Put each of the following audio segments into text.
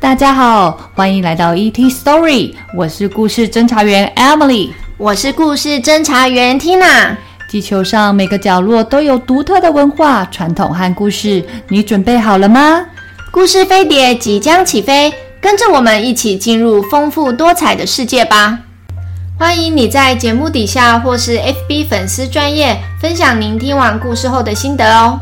大家好，歡迎來到 ET Story，我是故事偵查員 Emily，我是故事偵查員 Tina。地球上每個角落都有獨特的文化、傳統和故事，你準備好了嗎？故事飛碟即將起飛，跟着我們一起進入豐富多彩的世界吧！歡迎你在節目底下或是 FB 粉絲專頁分享您聽完故事後的心得哦。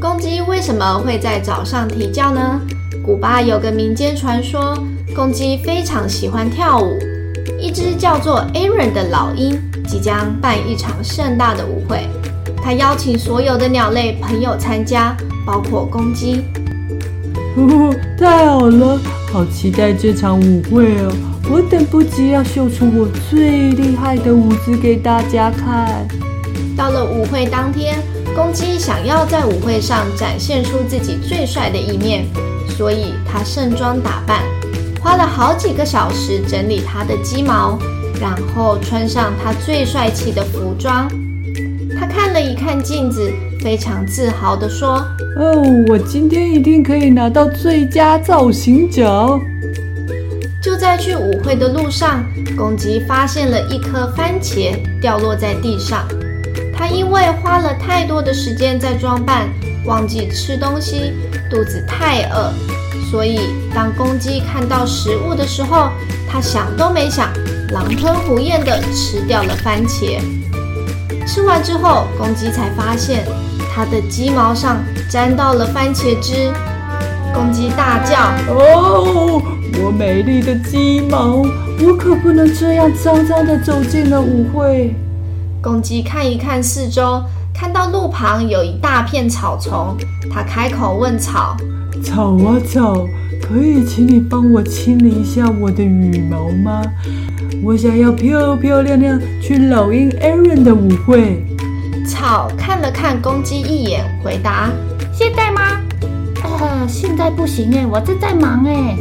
公雞為什麼會在早上啼叫呢？古巴有個民間傳說，公雞非常喜歡跳舞。一隻叫做 Aaron 的老鷹即將辦一場盛大的舞會，他邀請所有的鳥類朋友參加，包括公雞。哦，太好了，好期待這場舞會哦！我等不及要秀出我最厲害的舞姿給大家看。到了舞會當天。公雞想要在舞會上展現出自己最帥的一面，所以他盛裝打扮，花了好幾個小時整理他的雞毛，然後穿上他最帥氣的服裝。他看了一看鏡子，非常自豪地說：“哦，我今天一定可以拿到最佳造型獎。”就在去舞會的路上，公雞發現了一顆番茄掉落在地上。它因為花了太多的時間在裝扮，忘記吃東西，肚子太餓，所以當公雞看到食物的時候，它想都沒想，狼吞虎嚥地吃掉了番茄。吃完之後，公雞才發現它的雞毛上沾到了番茄汁，公雞大叫：“哦，我美麗的雞毛，我可不能這樣髒髒的走進了舞會。”公雞看一看四周，看到路旁有一大片草叢，它開口問草：“草啊草，可以請你幫我清理一下我的羽毛嗎？我想要漂漂亮亮去老鷹 Aaron 的舞會。”草看了看公雞一眼，回答：“現在嗎？呃，現在不行耶，我正在忙耶。”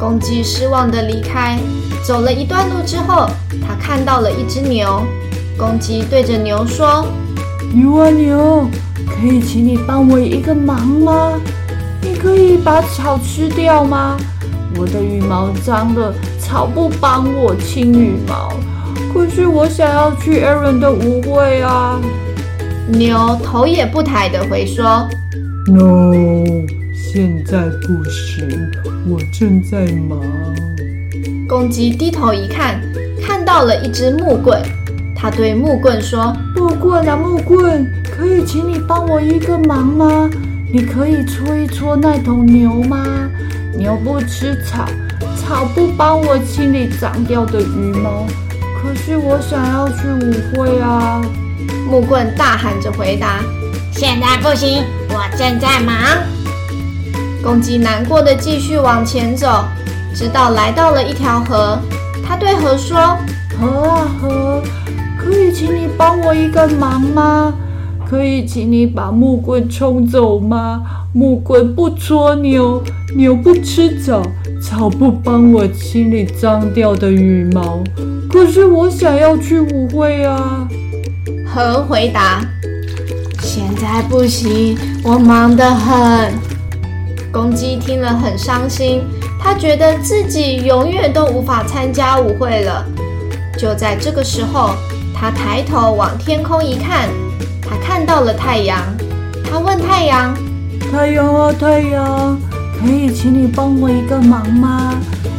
公雞失望地離開。走了一段路之後，它看到了一隻牛。公雞對着牛說：“牛啊牛，可以請你幫我一個忙嗎？你可以把草吃掉嗎？我的羽毛髒了，草不幫我清羽毛。可是我想要去 Aaron 的舞會啊。”牛頭也不抬的回說：“No，現在不行，我正在忙。”公雞低頭一看，看到了一只木棍。他對木棍說：“木棍啊，木棍，可以請你幫我一個忙嗎？你可以搓一搓那頭牛嗎？牛不吃草，草不幫我清理髒掉的羽毛。可是我想要去舞會啊！”木棍大喊着回答：“現在不行，我正在忙。”公雞難過的繼續往前走，直到來到了一條河。他對河說：“河啊河。”可以請你幫我一個忙嗎？可以請你把木棍沖走嗎？木棍不捉牛，牛不吃草，草不幫我清理髒掉的羽毛。可是我想要去舞會啊！河回答：“現在不行，我忙得很。”公雞聽了很傷心，它覺得自己永遠都無法參加舞會了。就在這個時候。他抬頭往天空一看，他看到了太陽。他問太陽：“太陽啊，太陽，可以請你幫我一個忙嗎？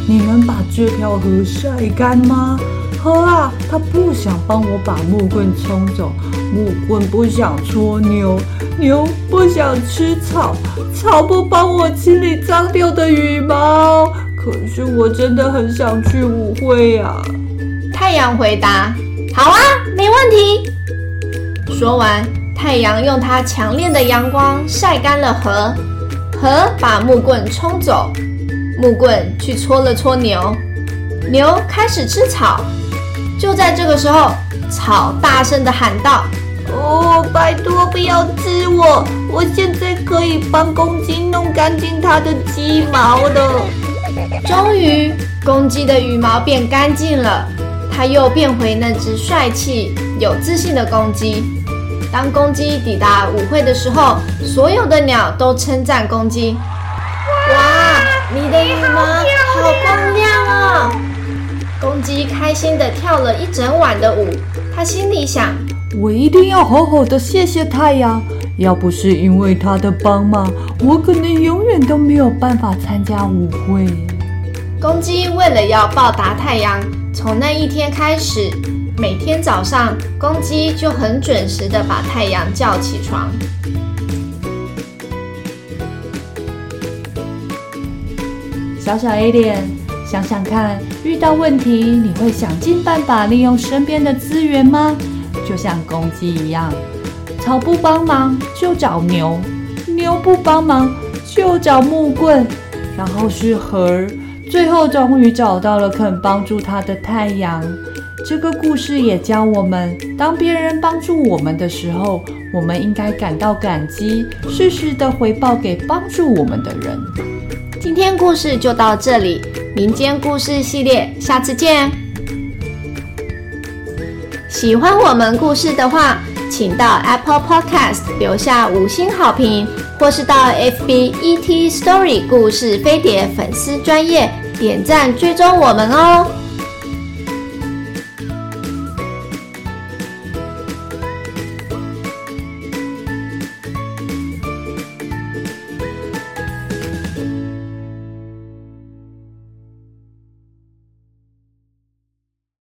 你能把這條河曬乾嗎？”河啊，他不想幫我把木棍沖走，木棍不想搓牛，牛不想吃草，草不幫我清理髒掉的羽毛。可是我真的很想去舞會呀，啊。”太陽回答。好啊，沒問題。說完，太陽用它強烈的陽光曬乾了河，河把木棍沖走，木棍去搓了搓牛，牛開始吃草。就在這個時候，草大聲地喊道：“哦，拜托，不要吃我，我現在可以幫公雞弄乾淨它的雞毛了。”終於，公雞的羽毛變乾淨了。他又變回那隻帥氣有自信的公雞。當公雞抵達舞會的時候，所有的鳥都稱讚公雞：“哇，你的羽毛好，好光亮啊！”公雞開心的跳了一整晚的舞。他心裡想：“我一定要好好的謝謝太陽，要不是因為他的幫忙，我可能永遠都沒有辦法參加舞會。”公雞為了要報答太陽。從那一天開始，每天早上公雞就很準時的把太陽叫起床。小小 alien，想想看，遇到問題你會想盡辦法利用身邊的資源嗎？就像公雞一樣，草不幫忙就找牛，牛不幫忙就找木棍，然後是盒最後終於找到了肯幫助他的太陽。這個故事也教我們，當別人幫助我們的時候，我們應該感到感激，適時的回報給幫助我們的人。今天故事就到這裡，民間故事系列，下次見。喜歡我們故事的話，請到 Apple Podcast 留下五星好評，或是到 F B E T Story 故事飛碟粉絲專頁點讚追蹤我們哦。